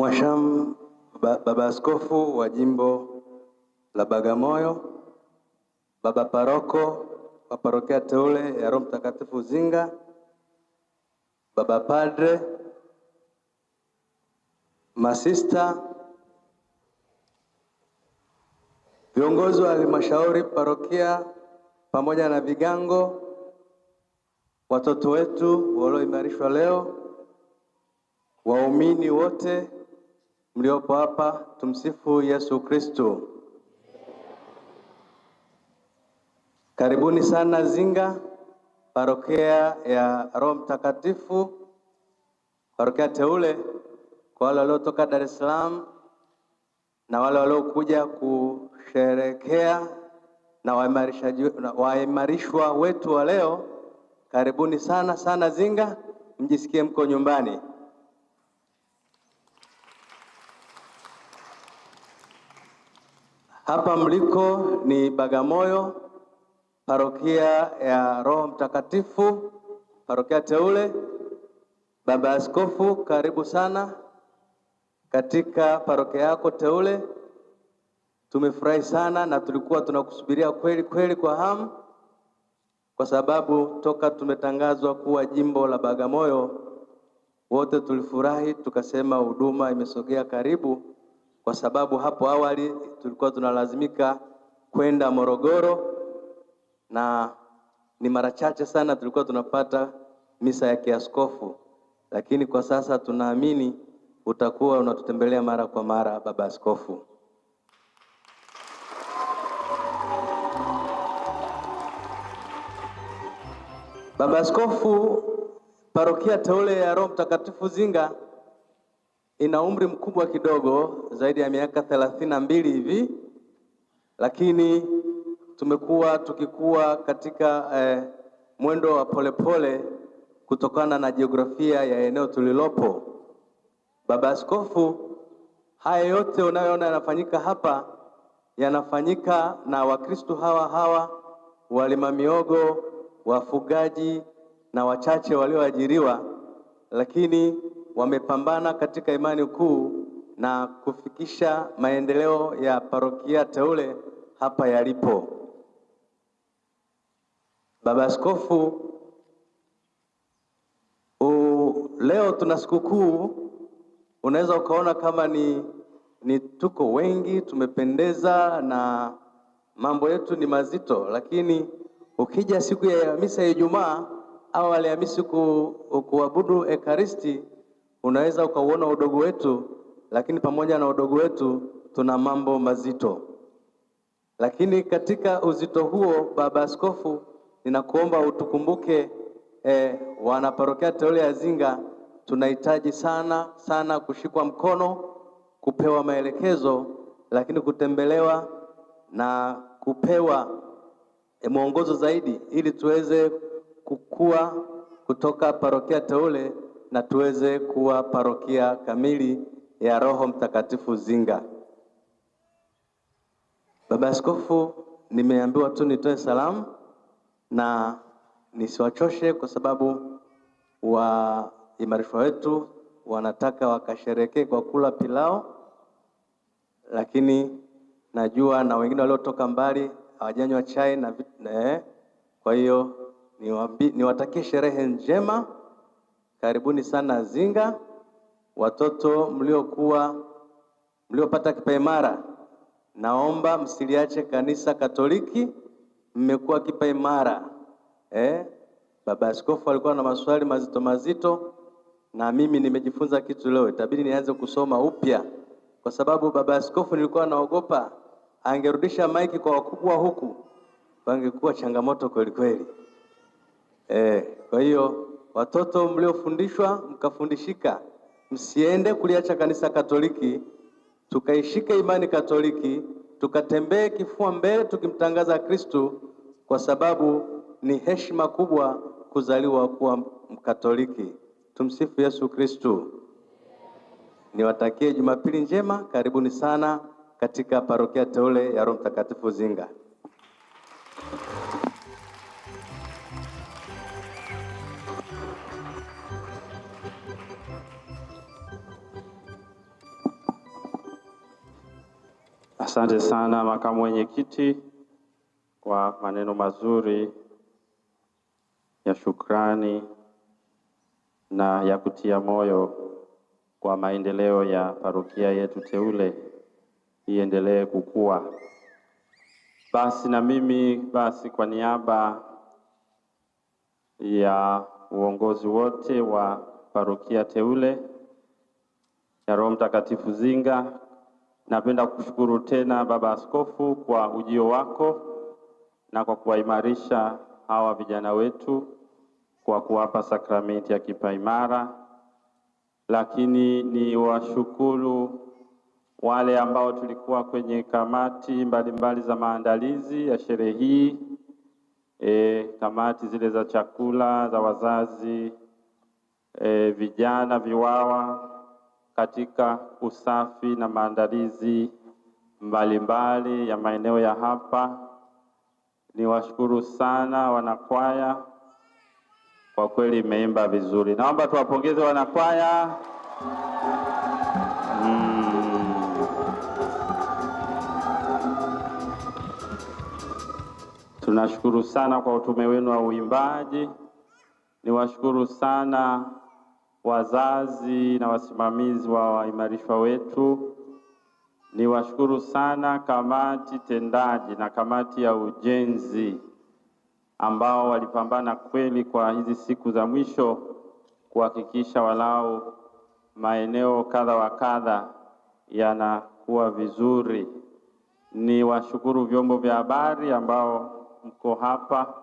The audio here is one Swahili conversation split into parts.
Mwashamu Baba Askofu wa Jimbo la Bagamoyo, Baba Paroko wa Parokia Teule ya Roho Mtakatifu Zinga, Baba Padre, masista, viongozi wa halmashauri parokia, pamoja na vigango, watoto wetu walioimarishwa leo, waumini wote mliopo hapa, tumsifu Yesu Kristo. Karibuni sana Zinga, parokia ya Roho Mtakatifu, parokia teule, kwa wale waliotoka Dar es Salaam na wale waliokuja kusherekea na waimarishwa wetu wa leo. Karibuni sana sana Zinga, mjisikie mko nyumbani. Hapa mliko ni Bagamoyo, parokia ya Roho Mtakatifu, parokia teule. Baba Askofu, karibu sana katika parokia yako teule. Tumefurahi sana na tulikuwa tunakusubiria kweli kweli kwa hamu, kwa sababu toka tumetangazwa kuwa jimbo la Bagamoyo wote tulifurahi, tukasema huduma imesogea karibu kwa sababu hapo awali tulikuwa tunalazimika kwenda Morogoro na ni mara chache sana tulikuwa tunapata misa ya kiaskofu, lakini kwa sasa tunaamini utakuwa unatutembelea mara kwa mara, Baba Askofu. Baba Askofu, parokia teule ya Roho Mtakatifu Zinga ina umri mkubwa kidogo zaidi ya miaka thelathini na mbili hivi, lakini tumekuwa tukikuwa katika eh, mwendo wa polepole kutokana na jiografia ya eneo tulilopo. Baba Askofu, haya yote unayoona yanafanyika hapa yanafanyika na Wakristo hawa hawa, walima miogo, wafugaji na wachache walioajiriwa, lakini wamepambana katika imani kuu na kufikisha maendeleo ya parokia teule hapa yalipo. Baba Askofu, leo tuna sikukuu, unaweza ukaona kama ni, ni tuko wengi tumependeza na mambo yetu ni mazito, lakini ukija siku ya misa ya Ijumaa au wale ya kuabudu Ekaristi Unaweza ukauona udogo wetu, lakini pamoja na udogo wetu tuna mambo mazito. Lakini katika uzito huo, baba askofu, ninakuomba utukumbuke eh, wanaparokia teule ya zinga tunahitaji sana sana kushikwa mkono, kupewa maelekezo, lakini kutembelewa na kupewa eh, mwongozo zaidi ili tuweze kukua kutoka parokia teule na tuweze kuwa parokia kamili ya Roho Mtakatifu Zinga. Baba Askofu, nimeambiwa tu nitoe salamu na nisiwachoshe kwa sababu waimarishwa wetu wanataka wakasherekee kwa kula pilao, lakini najua na wengine waliotoka mbali hawajanywa chai na, eh, kwa hiyo niwatakie sherehe njema. Karibuni sana Zinga, watoto mliokuwa mliopata kipaimara, naomba msiliache kanisa Katoliki, mmekuwa kipaimara eh? Baba Askofu alikuwa na maswali mazito mazito, na mimi nimejifunza kitu leo, itabidi nianze kusoma upya, kwa sababu Baba Askofu nilikuwa naogopa angerudisha maiki kwa wakubwa huku, pangekuwa changamoto kweli kweli eh, kwa hiyo Watoto mliofundishwa mkafundishika, msiende kuliacha kanisa Katoliki, tukaishike imani Katoliki, tukatembee kifua mbele tukimtangaza Kristu, kwa sababu ni heshima kubwa kuzaliwa kuwa Mkatoliki. Tumsifu Yesu Kristu. Niwatakie Jumapili njema, karibuni sana katika parokia teule ya Roho Mtakatifu Zinga. Asante sana makamu mwenyekiti kwa maneno mazuri ya shukrani na ya kutia moyo kwa maendeleo ya parokia yetu teule iendelee kukua. Basi na mimi basi kwa niaba ya uongozi wote wa parokia teule ya Roho Mtakatifu Zinga Napenda kushukuru tena Baba Askofu kwa ujio wako na kwa kuwaimarisha hawa vijana wetu kwa kuwapa sakramenti ya kipaimara, lakini ni washukuru wale ambao tulikuwa kwenye kamati mbalimbali mbali za maandalizi ya sherehe hii e, kamati zile za chakula za wazazi e, vijana viwawa katika usafi na maandalizi mbalimbali ya maeneo ya hapa. Niwashukuru sana wanakwaya, kwa kweli imeimba vizuri. Naomba tuwapongeze wanakwaya hmm. Tunashukuru sana kwa utume wenu wa uimbaji. Niwashukuru sana wazazi na wasimamizi wa waimarishwa wetu. Niwashukuru sana kamati tendaji na kamati ya ujenzi ambao walipambana kweli kwa hizi siku za mwisho kuhakikisha walau maeneo kadha wa kadha yanakuwa vizuri. Niwashukuru vyombo vya habari ambao mko hapa,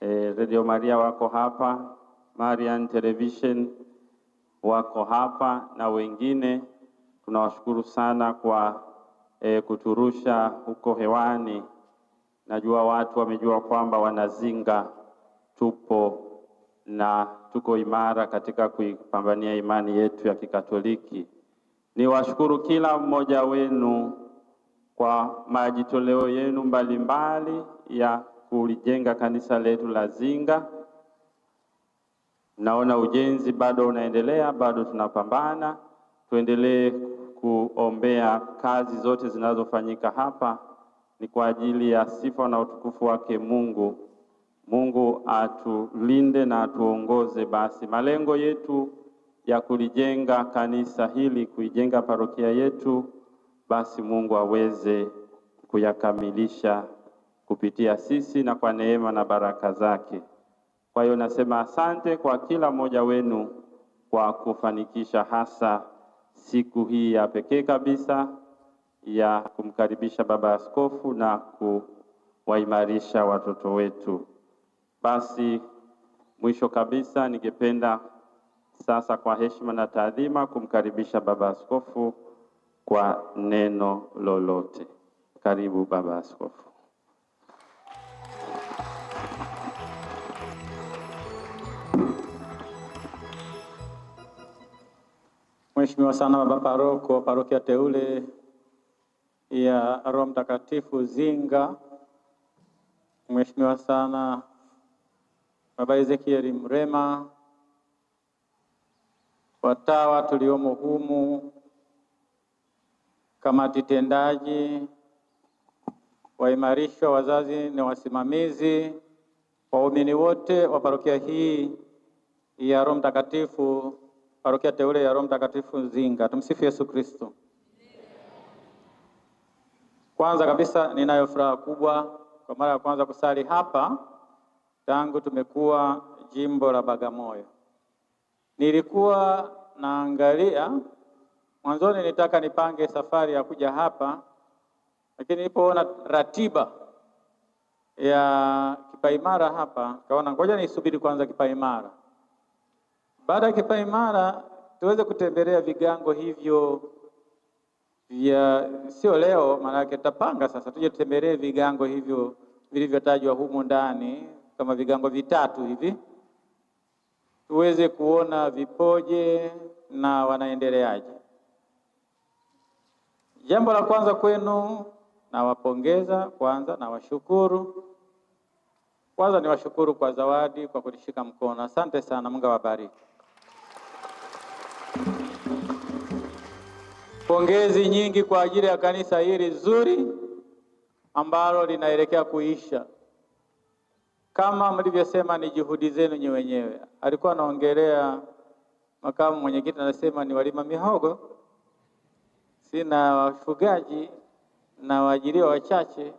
eh, Radio Maria wako hapa, Marian Television wako hapa na wengine tunawashukuru sana kwa e, kuturusha huko hewani. Najua watu wamejua kwamba wanazinga tupo na tuko imara katika kuipambania imani yetu ya Kikatoliki. Niwashukuru kila mmoja wenu kwa majitoleo yenu mbalimbali mbali ya kulijenga kanisa letu la Zinga naona ujenzi bado unaendelea, bado tunapambana. Tuendelee kuombea kazi zote zinazofanyika hapa, ni kwa ajili ya sifa na utukufu wake Mungu. Mungu atulinde na atuongoze. Basi malengo yetu ya kulijenga kanisa hili, kuijenga parokia yetu, basi Mungu aweze kuyakamilisha kupitia sisi na kwa neema na baraka zake. Kwa hiyo nasema asante kwa kila mmoja wenu kwa kufanikisha hasa siku hii ya pekee kabisa ya kumkaribisha Baba Askofu na kuwaimarisha watoto wetu. Basi mwisho kabisa, ningependa sasa kwa heshima na taadhima kumkaribisha Baba Askofu kwa neno lolote. Karibu Baba Askofu. Mheshimiwa sana Baba Paroko wa Parokia Teule ya Roho Mtakatifu Zinga, Mheshimiwa sana Baba Ezekieli Mrema, watawa tuliomo humu, kamati tendaji, waimarishwa, wazazi na wasimamizi, waumini wote wa parokia hii ya Roho Mtakatifu Parokia Teule ya Roho Mtakatifu Nzinga. Tumsifu Yesu Kristo. Kwanza kabisa ninayo furaha kubwa kwa mara ya kwanza kusali hapa tangu tumekuwa jimbo la Bagamoyo. Nilikuwa naangalia mwanzoni, nilitaka nipange safari ya kuja hapa, lakini nilipoona ratiba ya kipaimara hapa, kaona ngoja nisubiri kwanza kipaimara baada ya kipa imara tuweze kutembelea vigango hivyo vya, sio leo, maanake tutapanga sasa, tuje tutembelee vigango hivyo vilivyotajwa humu ndani kama vigango vitatu hivi, tuweze kuona vipoje na wanaendeleaje. Jambo la kwanza kwenu, nawapongeza kwanza, nawashukuru kwanza, niwashukuru kwa zawadi, kwa kunishika mkono. Asante sana, Mungu awabariki. Pongezi nyingi kwa ajili ya kanisa hili zuri ambalo linaelekea kuisha. Kama mlivyosema, ni juhudi zenu nyi wenyewe. Alikuwa anaongelea makamu mwenyekiti, anasema ni walima mihogo, sina wafugaji na waajiriwa wachache.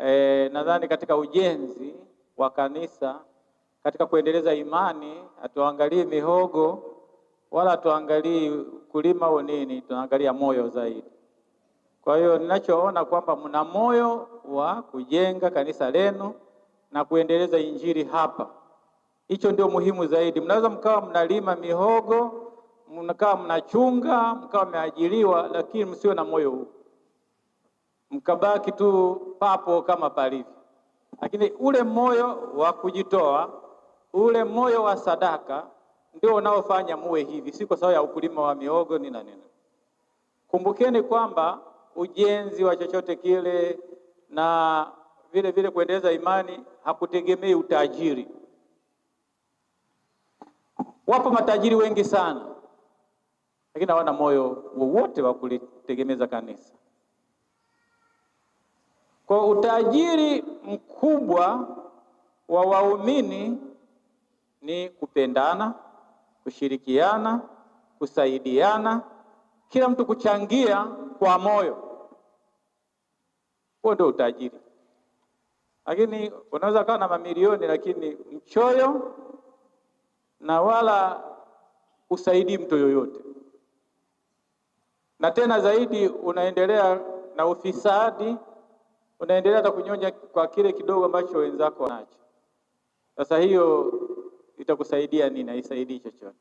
E, nadhani katika ujenzi wa kanisa, katika kuendeleza imani, hatuangalii mihogo wala hatuangalii kulima au nini, tunaangalia moyo zaidi. Kwa hiyo ninachoona kwamba mna moyo wa kujenga kanisa lenu na kuendeleza injili hapa, hicho ndio muhimu zaidi. Mnaweza mkawa mnalima mihogo, mkawa mnachunga, mkawa mmeajiriwa, lakini msiwe na moyo huu, mkabaki tu papo kama palivyo. Lakini ule moyo wa kujitoa, ule moyo wa sadaka ndio unaofanya muwe hivi, si kwa sababu ya ukulima wa miogo ni na nini. Kumbukeni kwamba ujenzi wa chochote kile na vile vile kuendeleza imani hakutegemei utajiri. Wapo matajiri wengi sana, lakini hawana moyo wowote wa kulitegemeza kanisa. Kwa utajiri mkubwa wa waumini ni kupendana kushirikiana, kusaidiana, kila mtu kuchangia kwa moyo. Huo ndio utajiri. Lakini unaweza kawa na mamilioni, lakini mchoyo na wala usaidii mtu yoyote, na tena zaidi unaendelea na ufisadi, unaendelea hata kunyonya kwa kile kidogo ambacho wenzako wanacho. Sasa hiyo itakusaidia nini? Haisaidii chochote.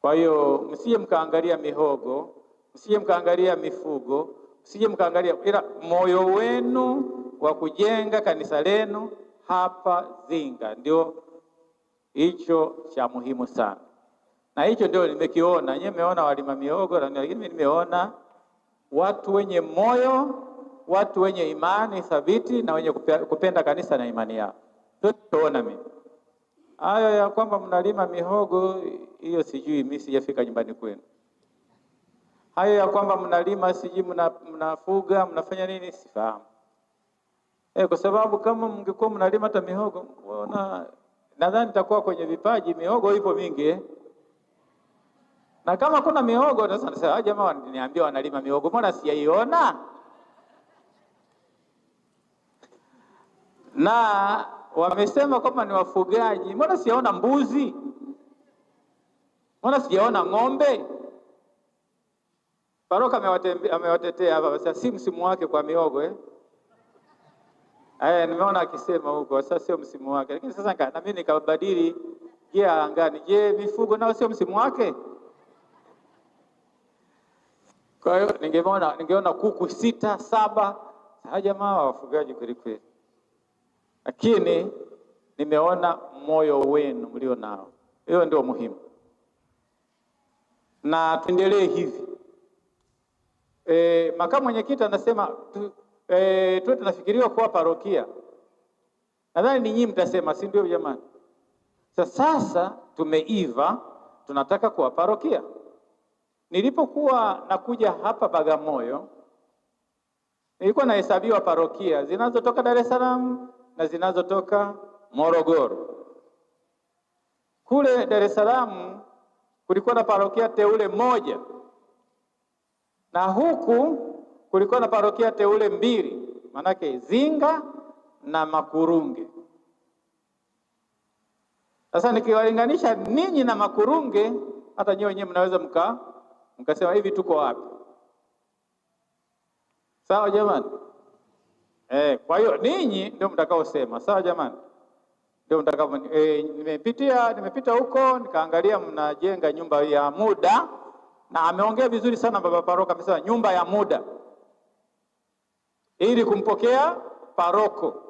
Kwa hiyo msije mkaangalia mihogo, msije mkaangalia mifugo, msije mkaangalia, ila moyo wenu wa kujenga kanisa lenu hapa Zinga, ndio hicho cha muhimu sana, na hicho ndio nimekiona. Nyewe meona walima mihogo, lakini nimeona watu wenye moyo, watu wenye imani thabiti na wenye kupenda kanisa na imani yao, ndio mimi. Hayo ya kwamba mnalima mihogo hiyo, sijui mimi, sijafika nyumbani kwenu. Hayo ya kwamba mnalima sijui mna, mnafuga mnafanya nini sifahamu. E, kwa sababu kama mngekuwa mnalima hata mihogo na nadhani nitakuwa kwenye vipaji, mihogo ipo mingi eh? na kama kuna mihogo sasa, nasema ah, jamaa niambia wanalima mihogo, mbona sijaiona na wamesema kwamba ni wafugaji, mbona sijaona mbuzi? Mbona sijaona ng'ombe? Paroka amewatetea hapa, sasa si msimu wake kwa miogo eh? Aya, eh, nimeona akisema huko, sasa sio msimu wake, lakini sasa na mimi nikabadili gia angani. Je, mifugo nao sio msimu wake? Kwa hiyo ningeona ningeona kuku sita saba. Haya jamaa wafugaji kweli kweli lakini nimeona moyo wenu mlio nao, hiyo ndio muhimu, na tuendelee hivi. E, makamu mwenyekiti anasema tu, e, tuwe tunafikiriwa kuwa parokia. Nadhani ni nyinyi mtasema, si ndio jamani? Sasa tumeiva, tunataka kuwa parokia. Nilipokuwa nakuja hapa Bagamoyo nilikuwa nahesabiwa parokia zinazotoka Dar es Salaam na zinazotoka Morogoro. Kule Dar es Salaam kulikuwa na parokia teule moja na huku kulikuwa na parokia teule mbili, maanake zinga na Makurunge. Sasa nikiwalinganisha ninyi na Makurunge, hata nyewe wenyewe mnaweza mka mkasema hivi tuko wapi? Sawa jamani. Eh, kwa hiyo ninyi ndio mtakaosema sawa jamani, ndio mtakao eh, nimepitia nimepita huko nikaangalia mnajenga nyumba ya muda, na ameongea vizuri sana baba paroko, amesema nyumba ya muda ili kumpokea paroko.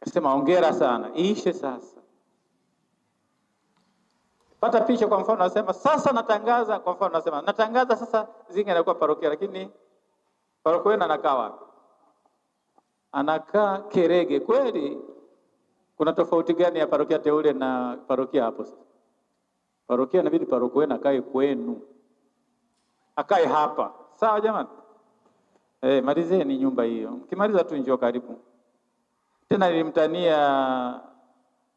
Akasema ongera sana, iishe sasa. Pata picha. Kwa mfano nasema sasa natangaza, kwa mfano nasema natangaza sasa Zingi anakuwa parokia, lakini paroko wenu anakaa wapi? anakaa Kerege. Kweli kuna tofauti gani ya parokia teule na parokia hapo sasa? Parokia inabidi paroko wenu akae kwenu, akae hapa, sawa jamani? Eh, malizeni nyumba hiyo, mkimaliza tu njoo karibu tena. Nilimtania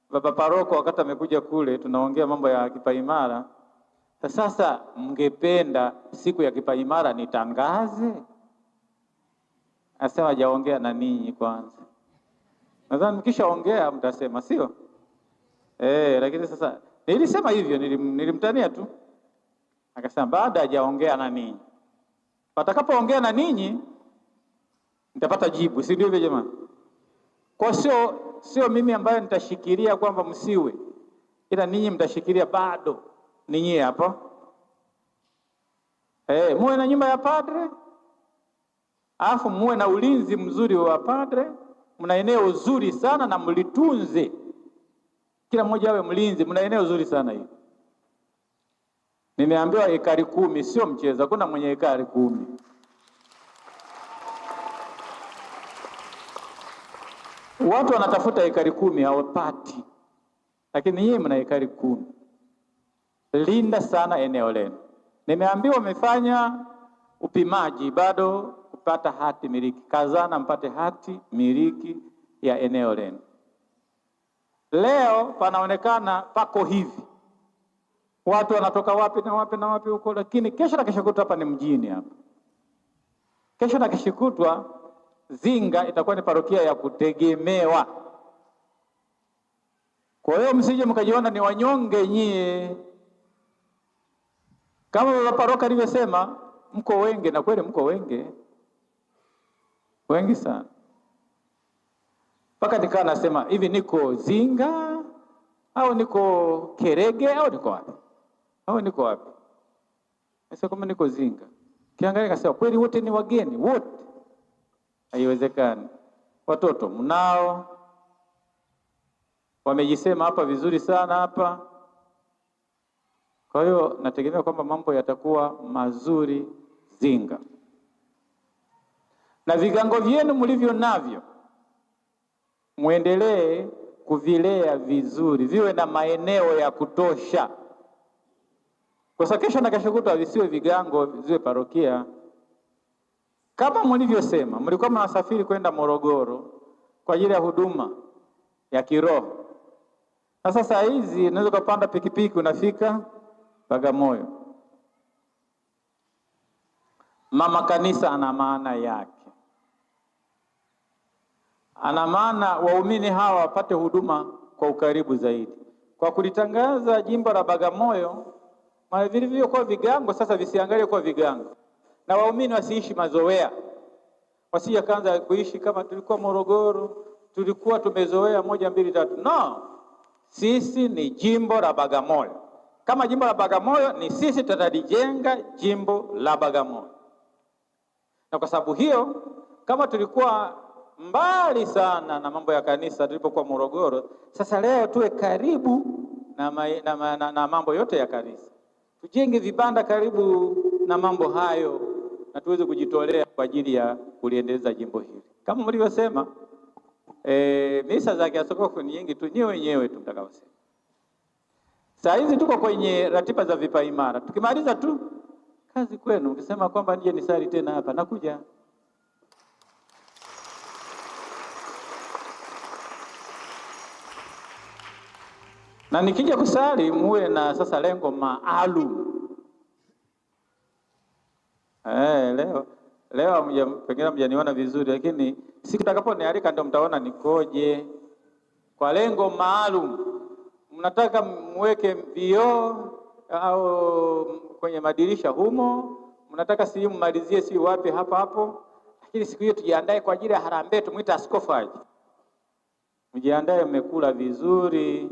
baba paroko wakati amekuja kule, tunaongea mambo ya kipaimara. Sasa mngependa siku ya kipaimara nitangaze Hasa hajaongea na ninyi kwanza. Nadhani mkishaongea mtasema sio? Eh, lakini sasa nilisema hivyo nilim, nilimtania tu. Akasema baada hajaongea na ninyi. Patakapoongea na ninyi nitapata jibu, si ndio hivyo jamaa? Kwa sio sio mimi ambayo nitashikilia kwamba msiwe, ila ninyi mtashikilia bado ninyi hapo Eh, muwe na nyumba ya padre alafu muwe na ulinzi mzuri wa padre, mna eneo zuri sana na mlitunze, kila mmoja awe mlinzi. Mna eneo zuri sana hii nimeambiwa ekari kumi, sio mchezo, kuna mwenye ekari kumi. Watu wanatafuta ekari kumi hawapati, lakini yeye mna ekari kumi. Linda sana eneo lenu. Nimeambiwa wamefanya upimaji bado pata hati miliki, kazana mpate hati miliki ya eneo lenu. Leo panaonekana pako hivi, watu wanatoka wapi na wapi na wapi huko, lakini kesho na kesho kutwa hapa ni mjini hapa, kesho na kesho kutwa Zinga itakuwa ni parokia ya kutegemewa. Kwa hiyo msije mkajiona ni wanyonge nyie, kama baba paroka alivyosema, mko wengi na kweli mko wengi wengi sana, mpaka nikawa nasema hivi, niko Zinga au niko Kerege au niko wapi au niko wapi? Sasa kama niko Zinga, kiangalia kasema kweli, wote ni wageni wote, haiwezekani. Watoto mnao wamejisema hapa vizuri sana hapa. Kwa hiyo nategemea kwamba mambo yatakuwa mazuri Zinga na vigango vyenu mlivyo navyo mwendelee kuvilea vizuri, viwe na maeneo ya kutosha, kwa sababu kesho na kesho kutwa visiwe vigango, ziwe parokia. Kama mlivyosema, mlikuwa mnasafiri kwenda Morogoro kwa ajili ya huduma ya kiroho, na sasa hizi unaweza kupanda pikipiki unafika Bagamoyo. Mama kanisa ana maana yake ana maana waumini hawa wapate huduma kwa ukaribu zaidi. Kwa kulitangaza jimbo la Bagamoyo vilivyokuwa vigango sasa visiangalie kuwa vigango, na waumini wasiishi mazoea, wasija kaanza kuishi kama tulikuwa Morogoro, tulikuwa tumezoea moja mbili tatu. No, sisi ni jimbo la Bagamoyo. Kama jimbo la Bagamoyo ni sisi, tutalijenga jimbo la Bagamoyo, na kwa sababu hiyo, kama tulikuwa mbali sana na mambo ya kanisa tulipokuwa Morogoro. Sasa leo tuwe karibu na, ma, na, na, na, na mambo yote ya kanisa, tujenge vibanda karibu na mambo hayo na tuweze kujitolea kwa ajili ya kuliendeleza jimbo hili kama mlivyosema. E, misa za kiaskofu ni nyingi tu, nyewe wenyewe tu mtakaosema. Saa hizi tuko kwenye ratiba za vipaimara, tukimaliza tu kazi kwenu, ukisema kwamba nije nisali tena hapa, nakuja. na nikija kusali muwe na sasa lengo maalum. Eh, leo leo mja, pengine mjaniona vizuri, lakini siku takaponialika ndio mtaona nikoje, kwa lengo maalum. Mnataka mweke vioo au kwenye madirisha humo, mnataka si mmalizie si wapi hapa hapo, lakini siku hiyo tujiandae kwa ajili ya harambee, tumwita askofu aje. Mjiandae mmekula vizuri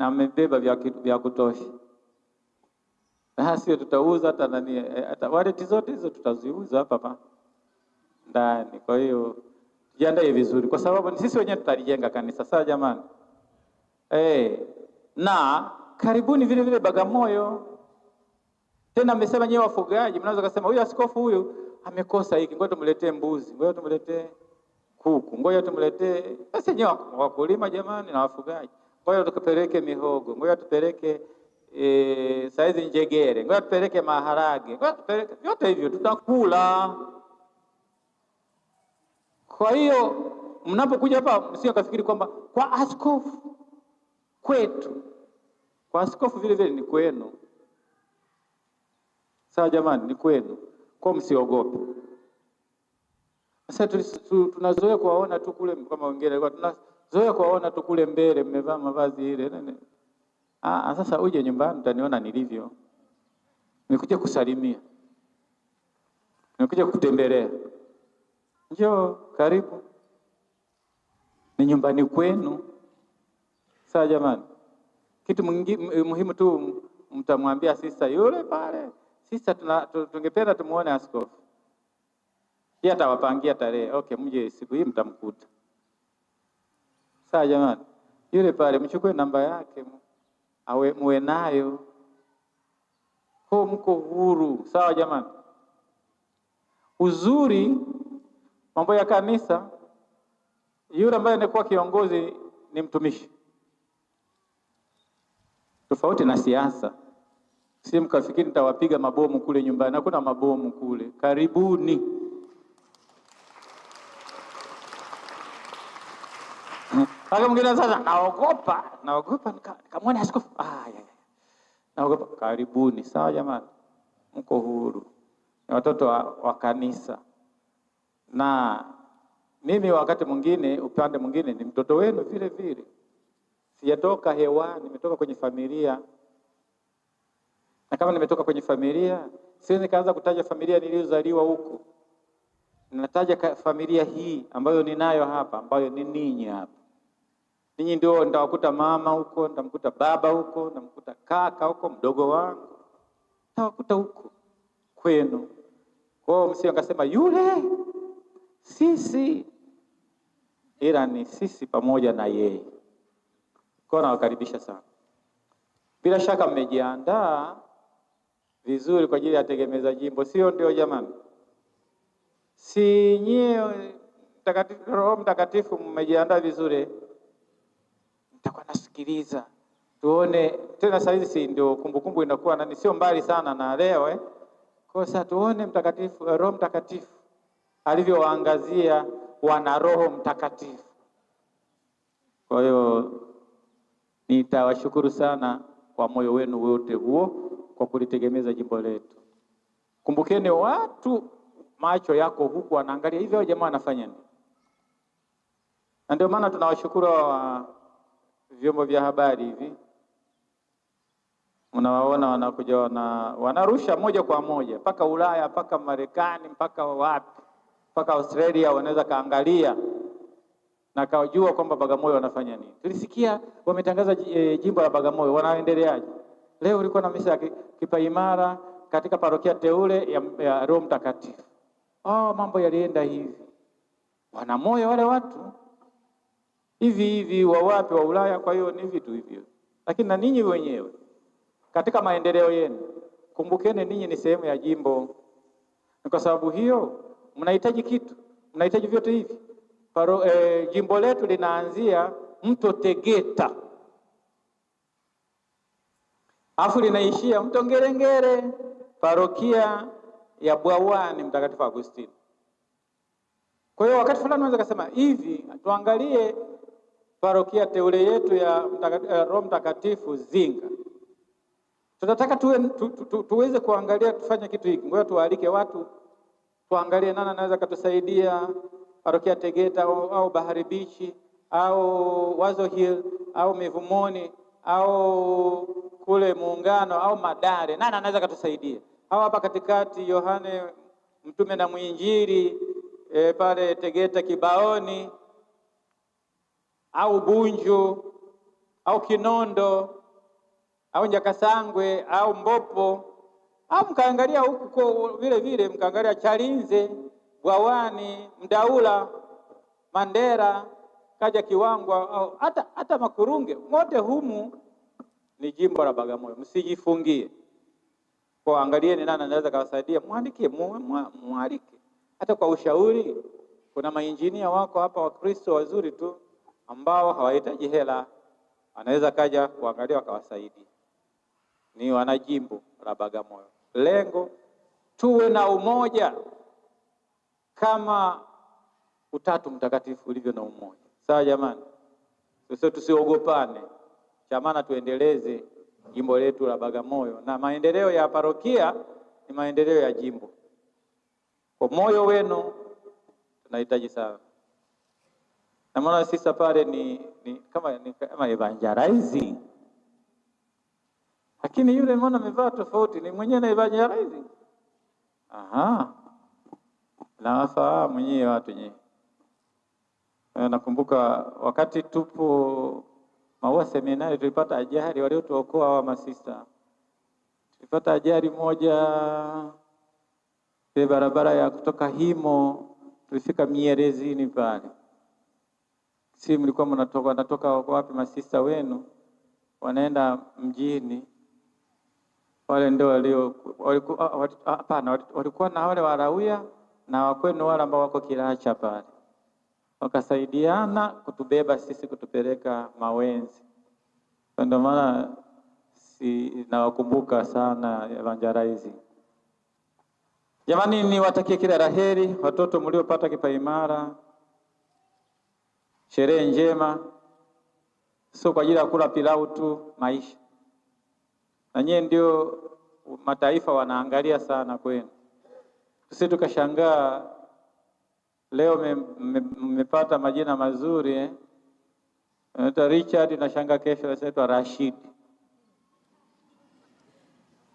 na amebeba vya vya kutosha. Sio tutauza hata nani, eh, eh, hata wallet zote hizo tutaziuza hapa hapa ndani. Kwa hiyo jiandae vizuri, kwa sababu sisi wenyewe tutalijenga kanisa. Sawa jamani? eh na karibuni vile vile Bagamoyo tena amesema nyewe wafugaji, mnaweza kusema huyu askofu huyu amekosa hiki, ngoja tumletee mbuzi, ngoja tumletee kuku, ngoja tumletee. Basi nyewe wakulima jamani na wafugaji ngoja tukapeleke mihogo, ngoja tupeleke e, saizi njegere, ngoja tupeleke maharage, ngoja tupeleke vyote hivyo, tutakula. Kwa hiyo mnapokuja hapa msio kafikiri kwamba kwa askofu kwetu, kwa askofu vile vile ni kwenu. Sawa jamani, ni kwenu, kwa msiogope. Sasa tunazoea kuwaona tu kule kama wengine walikuwa zoea kuwaona tu kule mbele mmevaa mavazi ile nene. Ah, ah, sasa uje nyumbani utaniona nilivyo. Nimekuja kusalimia. Nimekuja kutembelea Njoo, karibu. Ni nyumbani kwenu. Sawa jamani. Kitu muhimu tu mtamwambia sista yule pale. Sista tungependa tumuone askofu. pia atawapangia tarehe. Okay, mje siku hii mtamkuta. Sawa jamani, yule pale mchukue namba yake awe muwe nayo ko, mko huru. Sawa jamani, uzuri mambo ya kanisa, yule ambaye anakuwa kiongozi ni mtumishi, tofauti na siasa. Si mkafikiri nitawapiga mabomu kule nyumbani, hakuna mabomu kule, karibuni Paka mwingine sasa naogopa, naogopa nikamwona askofu. Ah, ya, ya. Naogopa. Karibuni, sawa jamani. Mko huru. Ni watoto wa, wa kanisa. Na mimi wakati mwingine upande mwingine ni mtoto wenu vile vile. Sijatoka hewani, nimetoka kwenye familia. Na kama nimetoka kwenye familia, siwezi nikaanza kutaja familia niliyozaliwa huko. Nataja familia hii ambayo ninayo hapa, ambayo ni ninyi hapa. Ninyi ndio nitawakuta mama huko, nitamkuta baba huko, nitamkuta kaka huko, mdogo wangu nitawakuta huko kwenu. hiyo msio akasema yule sisi, ila ni sisi pamoja na yeye. Kwa nawakaribisha sana. Bila shaka mmejiandaa vizuri kwa ajili ya tegemeza jimbo, sio ndio? Jamani, si nyie Roho Mtakatifu mmejiandaa vizuri nitakuwa nasikiliza tuone tena. Saa hizi si ndio kumbukumbu inakuwa nani, sio mbali sana na leo eh? Kwa sasa tuone mtakatifu eh, Roho Mtakatifu alivyowaangazia wana Roho Mtakatifu. Kwa hiyo nitawashukuru sana kwa moyo wenu wote huo kwa kulitegemeza jimbo letu. Kumbukeni watu, macho yako huku wanaangalia hivyo, jamaa wanafanya nini? Na ndio maana tunawashukuru wa vyombo vya habari hivi unawaona wanakuja wana, wanarusha moja kwa moja mpaka Ulaya mpaka Marekani mpaka wapi mpaka Australia, wanaweza kaangalia na kajua kwamba Bagamoyo wanafanya nini. Tulisikia wametangaza eh, jimbo la Bagamoyo, wanaendeleaje? Leo ulikuwa na misa ya kipaimara katika parokia teule ya, ya Roho Mtakatifu. Oh, mambo yalienda hivi, wana moyo wale watu hivi hivi wapi? wa Ulaya. Kwa hiyo ni vitu hivyo, lakini na ninyi wenyewe katika maendeleo yenu kumbukeni, ninyi ni sehemu ya jimbo. Ni kwa sababu hiyo mnahitaji kitu, mnahitaji vyote hivi. Paro, e, jimbo letu linaanzia mto Tegeta afu linaishia mto Ngerengere, parokia ya Bwawani Mtakatifu Agustino. Kwa hiyo wakati fulani unaweza kusema hivi, tuangalie parokia teule yetu ya mtaka, eh, Roho Mtakatifu Zinga. Tunataka tuwe, tu, tu, tu, tuweze kuangalia tufanye kitu hiki. Ngoja tuwaalike watu tuangalie nani anaweza katusaidia parokia Tegeta au, au Bahari Bichi au Wazo Hill au Mivumoni au kule Muungano au Madare, nani anaweza katusaidia? Au hapa katikati Yohane Mtume na Mwinjili e, pale Tegeta Kibaoni au Bunju au Kinondo au Nyakasangwe au Mbopo au mkaangalia huko vile vile, mkaangalia Chalinze, Bwawani, Mdaula, Mandera, kaja Kiwangwa au hata hata Makurunge, wote humu ni jimbo la Bagamoyo. Msijifungie kwa, ni nani anaweza kawasaidia, mwandikie, mwalike hata kwa ushauri. Kuna mainjinia wako hapa Wakristo wazuri tu ambao hawahitaji hela, anaweza kaja kuangalia wakawasaidia. Ni wanajimbo la Bagamoyo. Lengo tuwe na umoja kama Utatu Mtakatifu ulivyo na umoja. Sawa jamani, sio tusiogopane, chamana, tuendeleze jimbo letu la Bagamoyo, na maendeleo ya parokia ni maendeleo ya jimbo. Kwa moyo wenu tunahitaji sana na maana sisi pale ni, ni kama ni kama evangelizing, lakini yule maana amevaa tofauti, ni mwenyewe na evangelizing. Aha, na nawafahamu mwenyewe watu nyi e, Nakumbuka wakati tupo Maua seminari tulipata ajali, waliotuokoa hawa masista, tulipata ajali moja ile barabara ya kutoka Himo, tulifika mierezini pale si mlikuwa mnatoka natoka wapi? Masista wenu wanaenda mjini, wale ndio walio ah, ah, hapana, walikuwa na wale Warawia na wakwenu wale ambao wako Kilacha pale, wakasaidiana kutubeba sisi kutupeleka Mawenzi. Ndio maana si nawakumbuka sana evangelizing. Jamani, niwatakie kila laheri watoto mliopata kipaimara. Sherehe njema sio kwa ajili ya kula pilau tu, maisha na nyie ndio mataifa wanaangalia sana kwenu. Sisi tukashangaa leo mmepata me, me, majina mazuri eh? Anaitwa Richard, nashanga kesho anaitwa Rashid,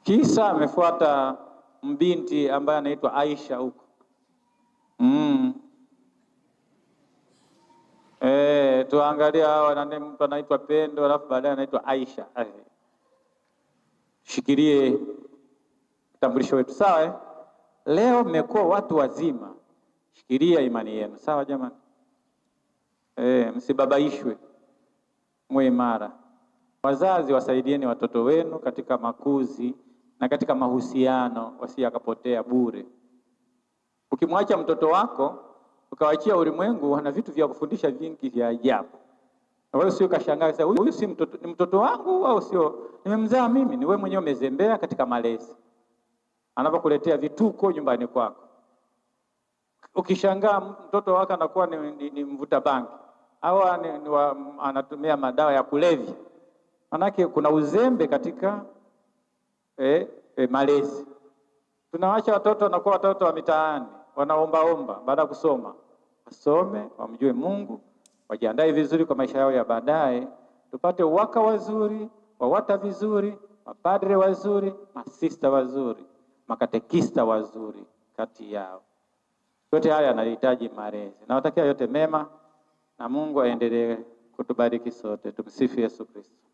kisa amefuata mbinti ambaye anaitwa Aisha huko mm. Eh, tuangalia hawa nani, mtu anaitwa Pendo alafu baadaye anaitwa Aisha. Eh, Shikilie utambulisho wetu sawa eh? Leo mmekuwa watu wazima, shikilia imani yenu sawa jamani eh, msibabaishwe, mwe imara. Wazazi wasaidieni watoto wenu katika makuzi na katika mahusiano, wasije akapotea bure. Ukimwacha mtoto wako Ukawaachia ulimwengu, wana vitu vya kufundisha vingi vya ajabu. Na wewe sio kashangaa sasa, huyu si mtoto, ni mtoto wangu au sio? Nimemzaa mimi. Ni wewe mwenyewe umezembea katika malezi, anapokuletea vituko nyumbani kwako. Ukishangaa mtoto wako anakuwa ni, ni, ni mvuta bangi au anatumia madawa ya kulevya, manake kuna uzembe katika eh, eh, malezi. Tunawacha watoto wanakuwa watoto wa mitaani, wanaombaomba baada ya kusoma wasome, wamjue Mungu, wajiandae vizuri kwa maisha yao ya baadaye, tupate waka wazuri, wawata vizuri, mapadre wazuri, masista wazuri, makatekista wazuri kati yao. Yote haya yanahitaji malezi. Nawatakia yote mema na Mungu aendelee kutubariki sote. Tumsifu Yesu Kristo.